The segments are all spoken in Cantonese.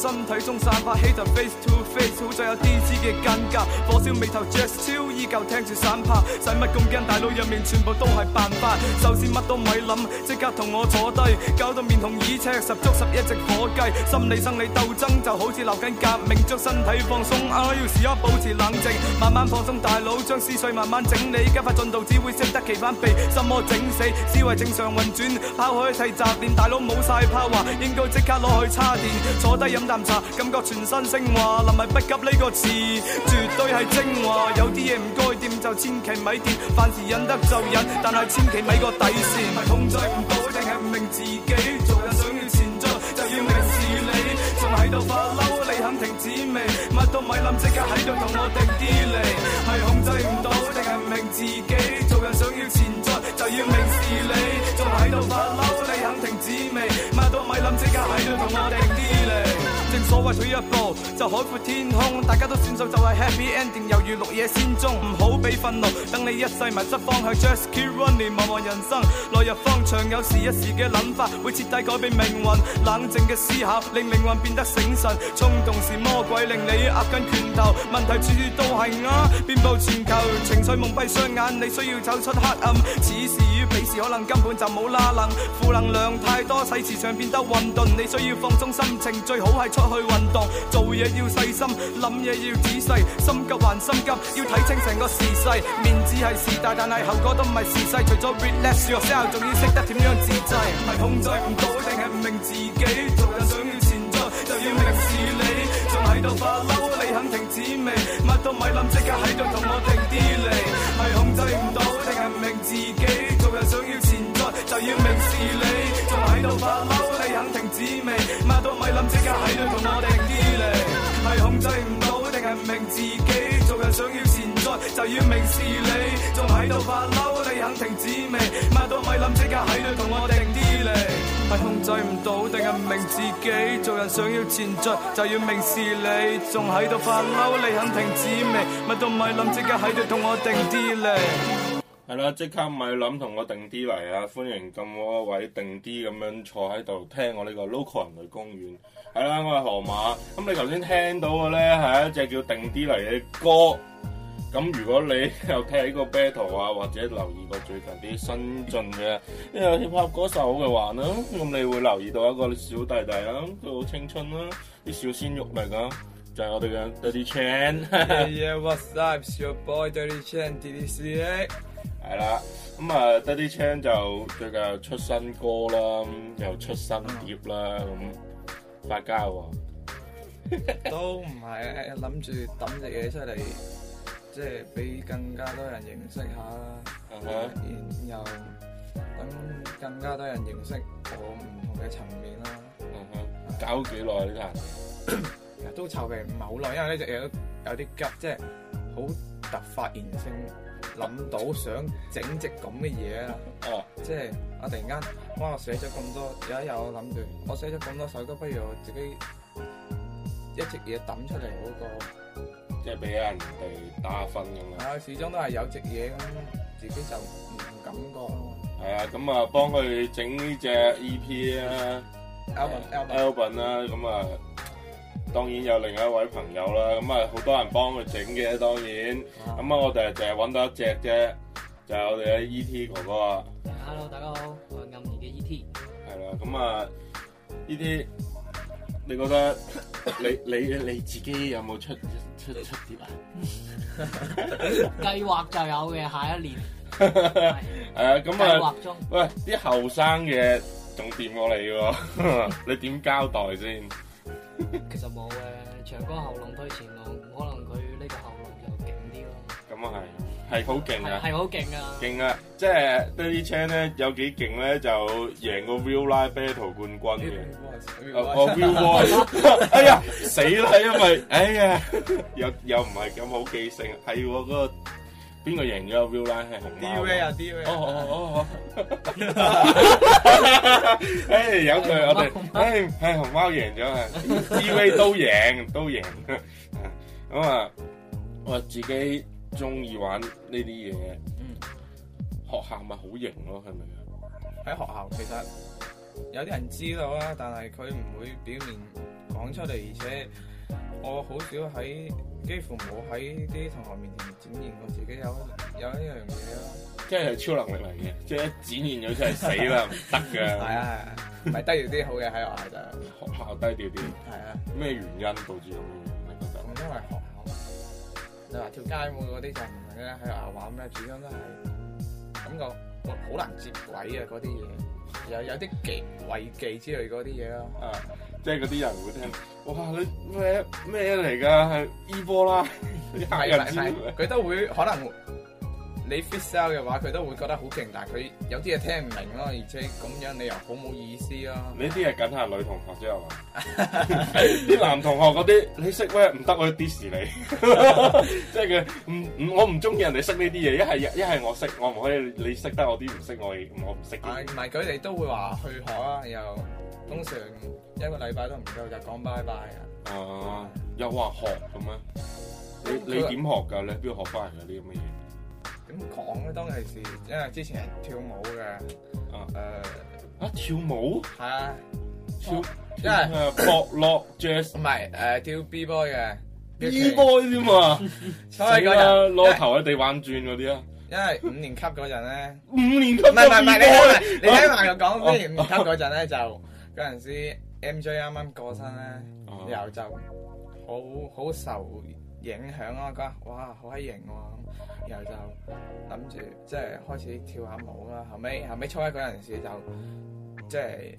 身體中散發起就 face to face，好似有啲啲嘅間隔。火燒眉頭，just 超依舊聽住散拍。使乜咁驚？大佬，入面全部都係辦法，首先乜都咪諗，即刻同我坐低，搞到面紅耳赤十足十，一隻火雞。心理生理鬥爭就好似流緊革命將身體放鬆，大、啊、要時刻保持冷靜，慢慢放鬆大佬將思緒慢慢整理，加快進度，只會適得其反，被心魔整死，思維正常運轉，拋開一切雜電，大佬冇曬 power 應該即刻攞去插電，坐低飲。感覺全身升華，臨危不急，呢個詞絕對係精華。有啲嘢唔該掂就千祈咪掂，凡事忍得就忍，但係千祈咪個底線。係控制唔到定係唔明自己，做人想要前進就要明事理，仲喺度發嬲，你肯停止未？乜都咪諗，即刻喺度同我定啲嚟。係控制唔到定係唔明自己，做人想要前進就要明事理，仲喺度發嬲，你肯停止未？乜都咪諗，即刻喺度同我定啲嚟。退一步就海闊天空，大家都算數就係 happy ending。猶如綠野仙蹤，唔好俾憤怒。等你一世迷失方向，Just keep running。茫茫人生，來日方長。常有時一時嘅諗法會徹底改變命運。冷靜嘅思考令靈魂變得醒神。衝動是魔鬼，令你握緊拳頭。問題處處都係啱、啊，遍布全球。情緒蒙蔽雙眼，你需要走出黑暗。此時與彼時可能根本就冇拉楞。負能量太多，使磁場變得混沌。你需要放鬆心情，最好係出去。運動做嘢要細心，諗嘢要仔細，心急還心急，要睇清成個時勢。面子係事大，但係後果都唔係事細。除咗 relax yourself，仲要識得點樣自制。係控制唔到定係唔明自己？做人想要前進，就要明事理。仲喺度發嬲，你肯停止未？乜都咪諗，即刻喺度同我定啲嚟。係控制唔到定係唔明自己？做人想要前就要明事理，仲喺度發嬲，你肯停止未？麥到米林即刻喺度同我定啲嚟，係控制唔到定係唔明自己？做人想要前進，就要明事理，仲喺度發嬲，你肯停止未？麥到米林即刻喺度同我定啲嚟，係控制唔到定係唔明自己？做人想要前進，就要明事理，仲喺度發嬲，你肯停止未？麥到米林即刻喺度同我定啲嚟。係啦，即刻咪諗同我定啲嚟啊！歡迎咁多位定啲咁樣坐喺度聽我呢個 Local 人類公園。係啦，我係河馬。咁你頭先聽到嘅咧係一隻叫定啲嚟嘅歌。咁如果你有聽呢個 battle 啊，或者留意過最近啲新進嘅因為有啲 hip hop 歌手嘅話咧，咁你會留意到一個小弟弟啊，都好青春啊，啲小鮮肉嚟噶。就係、是、我哋嘅 Daddy Chan Yeah, what's up? Your boy Daddy Chan did y 係啦，咁啊，Dee Dee Chang 就最近又出新歌啦，又出新碟啦，咁發膠喎，都唔係諗住抌隻嘢出嚟，即係俾更加多人認識下啦，然後等更加多人認識我唔同嘅層面啦。嗯哼，搞幾耐啊呢個？都籌備唔係好耐，因為呢隻嘢有有啲急，即係好突發性。諗到想整隻咁嘅嘢啦！哦，即係啊！突然間，哇！我寫咗咁多，而家有我諗住，我寫咗咁多首歌，不如我自己一隻嘢抌出嚟好過，即係俾人哋打分咁樣啊！啊，始終都係有隻嘢咁，自己就唔敢個。係啊，咁 啊，幫佢整呢隻 E.P. 啊，Album Album 啦，咁啊。Album Album，啊當然有另一位朋友啦，咁啊好多人幫佢整嘅，當然，咁啊，啊我哋啊淨係揾到一隻啫，就係、是、我哋嘅 E.T. 哥哥啊。Hello，大家好，我係暗年嘅 E.T. 係啦。咁啊呢啲你覺得你你你自己有冇出出出碟啊？ 計劃就有嘅，下一年。係 啊，咁啊，計劃中。喂，啲後生嘅仲掂過你喎， 你點交代先？ 其實冇嘅，長江後浪推前浪，可能佢呢個後浪又勁啲咯。咁啊係，係好勁啊，係好勁啊，勁啊！即係 Daddy Chan 咧，有幾勁咧就贏個 Real Life Battle 冠軍嘅。我 Real Boy，哎呀死啦，因為哎呀又又唔係咁好記性，係我嗰個。邊個贏咗啊？Viewline 係熊貓。D V 啊，D V。哦哦哦哦。哎，有佢，我哋，哎，係熊貓贏咗啊！D V 都贏，都贏。咁啊，我自己中意玩呢啲嘢。嗯。學校咪好型咯，係咪啊？喺學校其實有啲人知道啦，但係佢唔會表面講出嚟，而且。我好少喺，幾乎冇喺啲同學面前展現過自己有有一樣嘢啦，即係超能力嚟嘅， 即係一展現咗出嚟死啦唔 行的 得嘅，係啊係，咪低調啲好嘅喺學校就，學校低調啲，係 啊，咩原因導致咁樣你覺得？因為學校，你話條街舞嗰啲就唔同嘅，喺學校玩咩，始終都係感覺好難接軌啊嗰啲嘢。有有啲忌、維忌之類嗰啲嘢咯，啊，即係嗰啲人會聽，哇，你咩咩嚟㗎？係醫科啦，係 咪？ 佢都會可能。你 fit sell 嘅話，佢都會覺得好勁，但係佢有啲嘢聽唔明咯，而且咁樣你又好冇意思咯、啊。呢啲係僅限女同學啫，係嘛？啲 男同學嗰啲，你識咩唔得，我 diss 你。即係佢唔唔，我唔中意人哋識呢啲嘢，一係一係我識，我唔可以你識得我啲唔識我，我我唔識。唔係佢哋都會話去學啊，又通常一個禮拜都唔夠就講拜拜 e 啊。啊，又話學咁啊、嗯？你你點學噶？你邊度學翻嚟嗰啲咁嘅嘢？咁講咧？當其時，因為之前係跳舞嘅，啊誒，啊跳舞係啊，跳，舞啊跳，跳舞因為搏落 jazz 唔係誒跳 b boy 嘅 b boy 添嘛？所以嗰陣攞頭喺地玩轉嗰啲啊，因為五年級嗰陣咧，五年級唔係唔係唔係你唔係、啊、你睇埋又講五年級嗰陣咧就嗰陣時，M J 啱啱過身咧，然後、啊、就好好受。影響啊，覺得哇好閪型啊。咁，然後就諗住即係開始跳下舞啦。後尾後尾初一嗰陣時就即係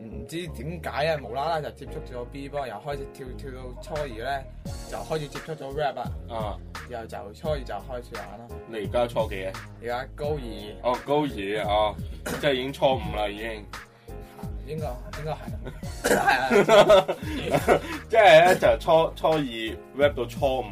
唔知點解啊，無啦啦就接觸咗 B 波，又開始跳跳到初二咧，就開始接觸咗 rap 啦啊。嗯，然後就初二就開始玩啦。你而家初幾啊？而家高二。哦，高二啊，哦， 即係已經初五啦，已經。應該應該係係啊，即係咧就初初二 rap 到初五，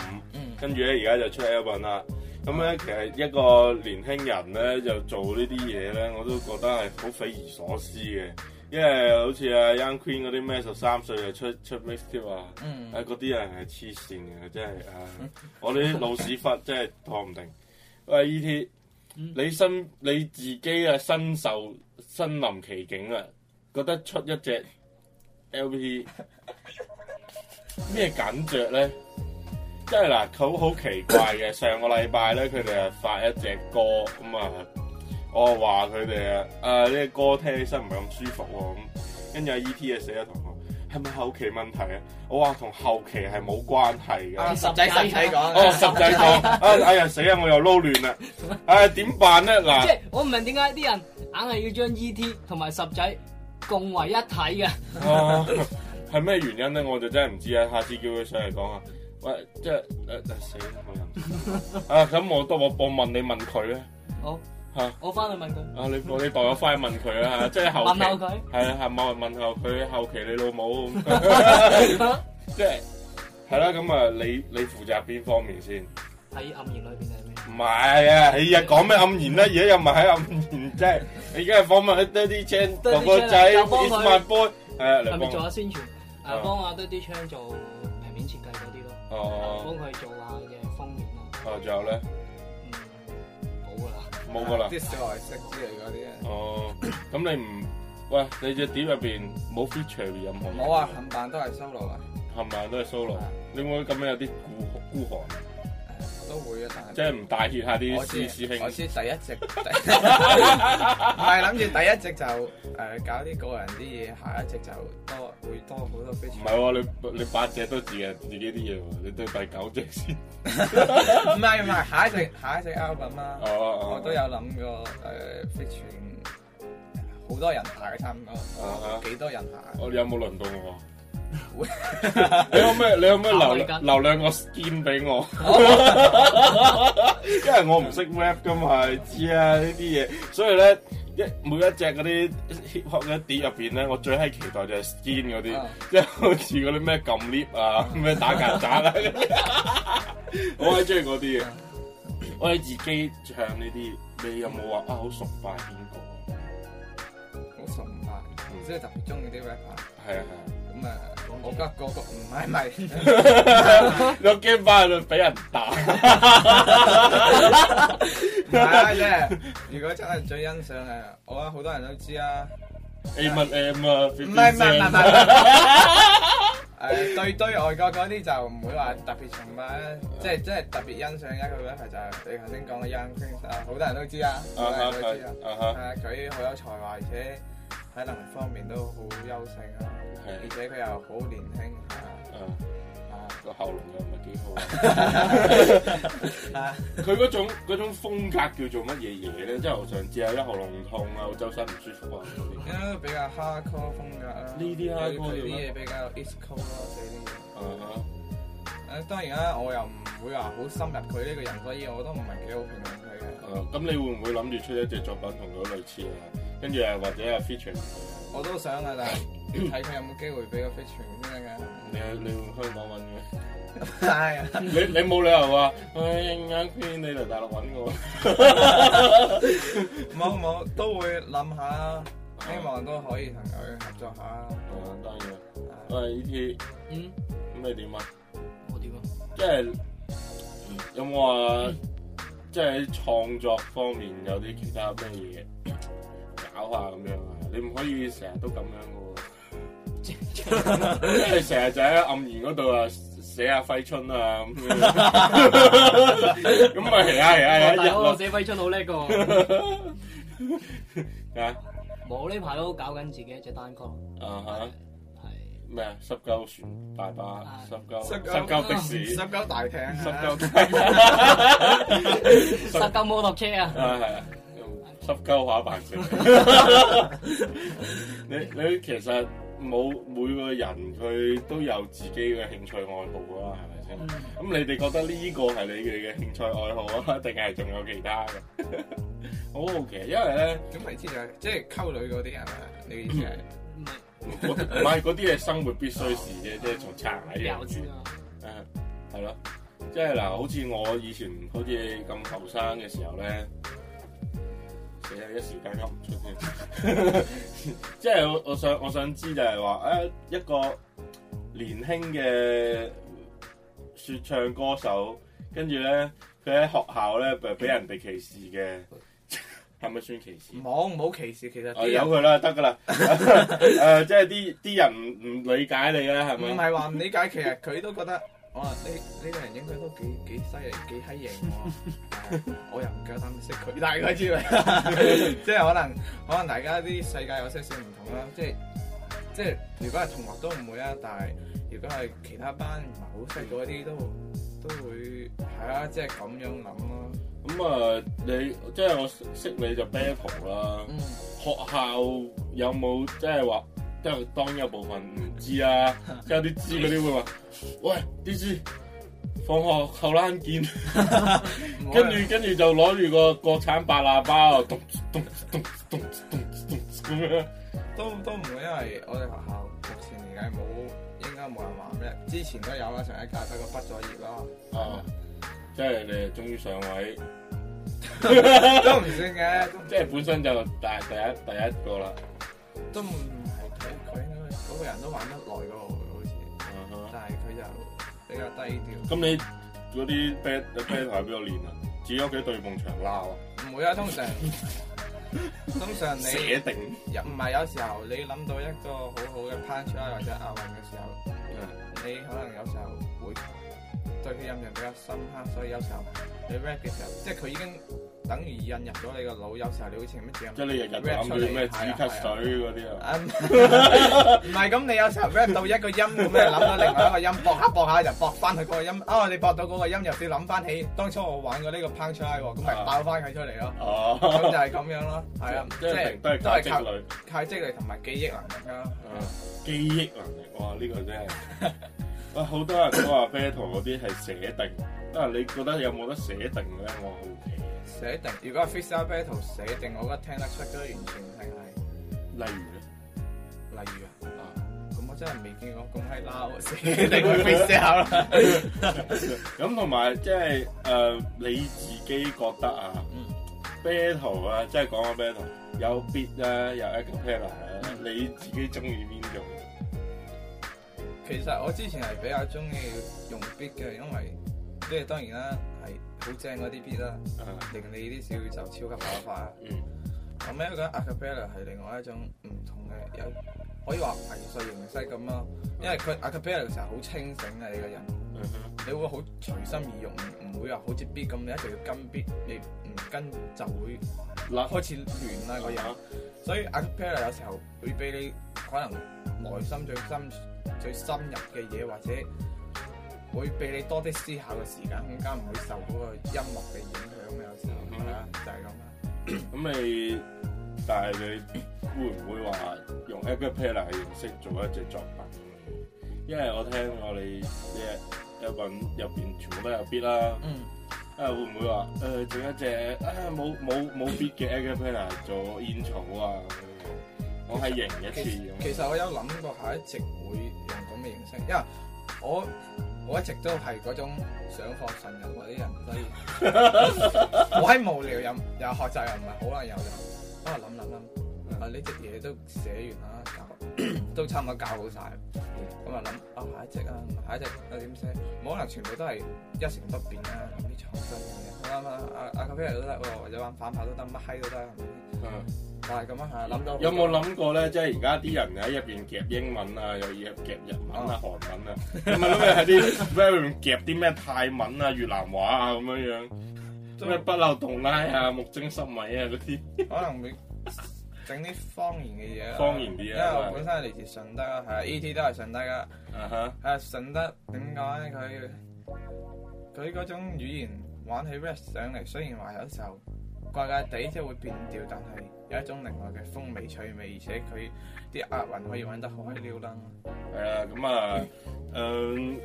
跟住咧而家就出 album 啦。咁、嗯、咧其實一個年輕人咧、嗯、就做這些呢啲嘢咧，我都覺得係好匪夷所思嘅。因為好似啊 Young Queen 嗰啲咩十三歲就出出 mixtape 啊，嗯、啊嗰啲人係黐線嘅，真係唉！我啲老屎忽真係坐唔定、嗯、喂 E T、嗯、你身你自己啊身受身臨其境啊！覺得出一隻 L P 咩感覺咧？即係嗱，佢好奇怪嘅。上個禮拜咧，佢哋啊發一隻歌，咁、嗯、啊，我話佢哋啊，誒，呢個歌聽起身唔係咁舒服喎。咁、嗯，跟住阿 E T 啊，死咗，同學，係咪後期問題啊？我話同後期係冇關係嘅、啊。十仔死睇講。哦，十仔講、啊。哎呀， 死啊！我又撈亂啦。哎，點辦咧？嗱、就是，即係我唔明點解啲人硬係要將 E T 同埋十仔。共為一體嘅，係 咩、啊、原因咧？我就真係唔知啊！下次叫佢上嚟講啊！喂，即係誒誒死啦！我又 啊，咁我都我報問你問佢咧，好吓、啊，我翻去問佢啊！你你代我翻去問佢啦， 啊，即係後期係啊係問問候佢後期你老母， 啊、即係係啦咁啊！你你負責邊方面先？喺暗言裏邊定係咩？唔係啊！哎呀，講咩暗言啦？而家又唔係喺暗言，即係。你而家係訪問 Daddy Chan 哥哥仔 Island Boy，誒梁邦，下、啊、做下宣傳，誒幫下 Daddy Chan 做平面設計嗰啲咯，哦、啊，幫佢做下嘅封面啊。啊，仲有咧？冇噶啦，冇噶啦，即係、啊、小愛識嗰啲嚟啲哦，咁、啊、你唔，喂，你隻碟入邊冇 feature 任何？冇啊，冚唪都係 solo 啊，冚唪都係 solo，是你會唔會咁樣有啲孤孤寒？都會啊，但係即係唔大熱下啲師我師兄。我先第一隻，唔係諗住第一隻就誒、呃、搞啲個人啲嘢，下一隻就多會多好多 feat。唔係喎，你你八隻都自己自己啲嘢喎，你對第九隻先。唔係唔係，下一隻下一隻 album 啦。哦哦，我都有諗過誒 feat，好、呃、多人行嘅差唔多，幾多人行。我有冇輪到我？你有咩？你有咩留兩個 skin 俾我？因為我唔識 rap 噶嘛，知啊呢啲嘢。所以咧，一每一隻嗰啲 hiphop 嘅碟入邊咧，我最係期待就係 skin 嗰啲，即係好似嗰啲咩撳 lift 啊，咩打曱甴啊，我係中意嗰啲嘅。 我係自己唱呢啲，你有冇話啊？好崇拜邊個？好崇拜，唔知特別中意啲 rapper。係啊，係啊。咁啊，我覺得個唔係咪？我驚翻就俾人打。唔係啫，如果真係最欣賞嘅，我覺得好多人都知啊。A M M 啊，唔係唔係唔係唔係。誒，對對外國嗰啲就唔會話特別崇拜，即係即係特別欣賞一個咧，就係你頭先講嘅 Young King 啊，好多人都知啊，好多人都知啊，係啊，佢好有才華而且。體能方面都好優勝啊，okay. 而且佢又好年輕啊個、啊啊、喉嚨又唔係幾好，佢 嗰 Okay. 種嗰種風格叫做乜嘢嘢咧？即 係我上次有一喉嚨不痛啊， 我周身唔舒服啊啲，啊 比較 hardcore 風格啊，呢啲 hardcore，佢啲嘢比較 eastcore 啊，嗰啲啊，uh -huh. 啊，當然啦、啊，我又唔會話好深入佢呢個人，所以我都唔係幾好評論佢嘅。誒咁，你會唔會諗住出一隻作品同佢類似啊？跟住誒，或者誒 feature，我都想 看有有 啊，但係睇佢有冇機會俾個 feature 先得㗎。你你會香港揾嘅？係啊。你你冇理由話誒啱先你嚟大陸揾我。冇 冇 都會諗下，希望都可以同佢合作下。係啊，當然。喂，呢啲，嗯。咁、嗯嗯嗯、你點啊？我點啊？即係有冇話、啊嗯，即係喺創作方面有啲其他咩嘢？嗯啊咁樣啊，你唔可以成日都咁樣噶喎，即係你成日就喺暗然嗰度啊，寫下揮春啊咁，咁啊係啊係啊，我寫揮春好叻噶喎，啊，我呢排都搞緊自己一隻單曲，啊哈，係咩？濕鳩船大巴，濕鳩濕鳩的士，濕鳩大艇，濕鳩，濕鳩摩托車啊，係啊。執鳩下扮嘢。 你你其實冇每個人佢都有自己嘅興趣愛好啊，係咪先？咁、嗯、你哋覺得呢個係你哋嘅興趣愛好啊，定係仲有其他嘅？ 好好奇，因為咧，咁咪即係即係溝女嗰啲係咪啊？你嘅意思係唔係？唔係嗰啲係生活必須事嘅， 即係從拆喺嘅。嗯、有住啊！誒、嗯，係咯，即係嗱，好似我以前好似咁後生嘅時候咧。有一時間不出唔出先，即係我我想我想知就係話誒一個年輕嘅説唱歌手，跟住咧佢喺學校咧被俾人哋歧視嘅，係 咪 算歧視？唔好，唔好歧視，其實、 哦、有佢啦，得噶啦，誒即係啲啲人唔唔理解你咧，係咪？唔係話唔理解，其實佢都覺得哇呢呢個人應該都幾幾犀利幾閪型。 我又唔記得點識佢，但係佢知啦，即係可能可能大家啲世界有些少唔同啦，即係即係如果係同學都唔會啊，但係如果係其他班唔係好識嗰啲都都會係啊，即係咁樣諗咯。咁啊，你即係、就是、我識你就 battle 啦、嗯，學校有冇即係話即係當一部分唔知啊？即係有啲知嗰啲會話喂，啲知。放學後欄見，跟住跟住就攞住個國產白喇叭，咚咚咚咚咚咚咁樣，都都唔會，因為我哋學校目前嚟計冇，應該冇人玩咩，之前都有啦，成一屆得個畢咗業啦。哦、啊，即係你終於上位都，都唔算嘅。即係本身就第第一第一個啦，都唔係佢，佢個人都玩得耐過，好似，啊、但係佢就。比較低調。咁你嗰啲 battle 喺邊度練啊？自己屋企對牆鬧啊？唔會啊，通常，通常你設定，又唔係有時候你諗到一個好好嘅 punch 出嚟或者亞運嘅時候，誒，你可能有時候會對佢印象比較深刻，所以有時候你 rap 嘅時候，即係佢已經。等於印入咗你個腦，有時候你好似乜嘢，即係你日日諗嗰咩止咳水嗰啲啊？唔係咁，你有時候 rap 到一個音，咁咧諗到另外一個音，搏下搏下就搏翻佢嗰個音。啊、哦，你搏到嗰個音，又要諗翻起當初我玩過呢個 punchline 喎，咁咪爆翻佢出嚟咯。哦、uh. 嗯，咁、uh. 就係咁樣咯，係 啊，即係都係靠積累，靠積累同埋記憶能力咯。Uh. 記憶能力，哇！呢、呢個真係 哇，好多人都話 battle 嗰啲係寫定， 啊，你覺得有冇得寫定咧？我好奇。寫定，如果係 face up battle 寫定，我覺得聽得出嗰啲完全係例如咧，例如啊，咁我真係未見過咁閪撈寫定 face up 啦。咁同埋即係誒，你自己覺得啊，battle 啊，即係講個 battle 有 beat 啊，有 acapella 啊，你自己中意邊種？其實我之前係比較中意用 beat 嘅，因為即係當然啦。好正嗰啲 beat 啦，令你啲小宇宙超級爆發。咁、嗯、咧，嗰啲 acapella 係另外一種唔同嘅，有可以話係碎形式咁咯。因為佢 acapella 嘅時候好清醒嘅你個人、嗯，你會好隨心而用，唔唔會話好似 beat 咁，你一定要跟 beat 你唔跟就會嗱開始亂啦嗰樣。所以 acapella 有時候會俾你可能內心最深最深入嘅嘢或者。會俾你多啲思考嘅時間，更加唔會受嗰個音樂嘅影響嘅有時候啦，就係咁啦。咁、嗯嗯、 你，但係你會唔會話用 acapella 形式做一隻作品？因為我聽我哋嘅作品入邊全部都有 beat 啦。嗯。啊，會唔會話誒、呃、做一隻啊冇冇冇 beat 嘅 acapella 做 intro 啊？我係贏嘅其，其實我有諗過下，一直會用咁嘅形式，因為我。我一直都係嗰種想放神人嗰啲人，所以 我喺無聊又又學習又唔係好難有遊，都係諗諗諗。啊呢隻嘢都寫完啦，都差唔多教好晒。咁啊諗啊下一隻啊下一隻啊點寫？冇可能全部都係一成不變啦，呢種好衰嘅嘢。啱啊，阿阿咖啡都得，或者玩反派都得，乜閪都得。嗯，但係咁樣係啊，諗到有冇諗過咧？即係而家啲人喺入邊夾英文啊，又夾夾日文啊、韓文啊，唔係諗嘅係啲咩？夾啲咩泰文啊、越南話啊咁樣樣，咩不流同拉啊、木蒸濕米啊嗰啲，可能整啲方言嘅嘢，方言啲啊，因為本身係嚟自順德啊，係啊，E T 都係順德噶，啊哈，係啊，順德點解咧？佢佢嗰種語言玩起 rap 上嚟，雖然話有時候。怪怪地即係會變調，但係有一種另外嘅風味趣味，而且佢啲押韻可以玩得好撩楞。係啊，咁啊，嗯，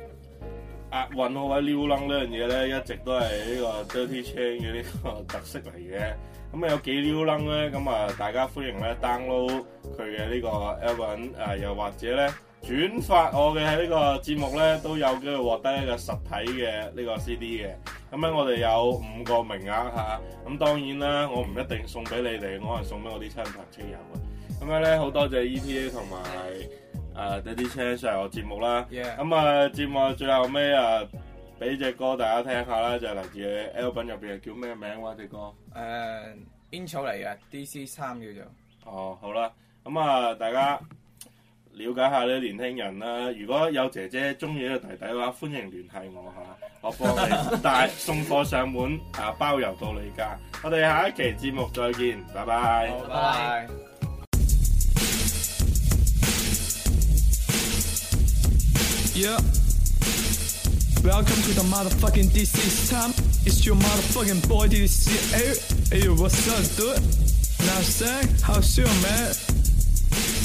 押韻可以溜楞呢樣嘢咧，一直都係呢個 Dirty Chain 嘅呢個特色嚟嘅。咁啊有幾撩楞咧，咁啊大家歡迎咧 download 佢嘅呢個 album 誒又或者咧轉發我嘅喺呢個節目咧，都有機會獲得一個實體嘅呢個 C D 嘅。咁樣，我哋有五個名額嚇，咁當然啦，我唔一定送俾你哋，我可能送俾我啲親朋戚友嘅。咁樣咧，好多謝 E.T.A. 同埋誒 Daddy Chan 上我節目啦。咁、yeah. 啊，節目最後尾啊，俾隻歌大家聽下啦，就係、是、來自 l v 入邊叫咩名哇、啊？隻歌誒、uh，Intro 嚟嘅，D.C. 三叫做。哦，好啦，咁啊，大家了解下呢啲年輕人啦。如果有姐姐中意嘅弟弟嘅話，歡迎聯繫我嚇。我幫你帶送貨上門，啊包郵到你家。我哋下一期節目再見，拜拜。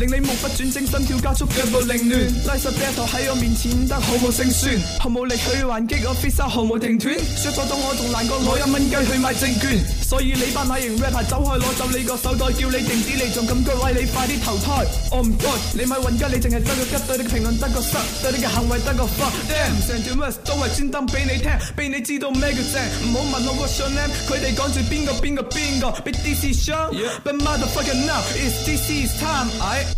令你目不轉睛，心跳加速，腳步凌亂，拉實這坨喺我面前，得毫無勝算，毫無力去還擊，我 f i 飛沙毫無停斷，摔倒到我仲難過攞一蚊雞去買證券。所以你班買型 rap 去走開，攞走你個手袋，叫你停止你你，你仲咁鳩，你快啲投胎。我唔該，你咪混家，你淨係得個吉對，你嘅評論得個失，對你嘅行為得個 fuck。Damn，成段 verse 都係專登俾你聽，俾你知道咩叫正。唔好問我 what's your name，佢哋講住邊個邊個邊個，Big d e c i s s h、yeah. o n b i g motherfucker now is this is time。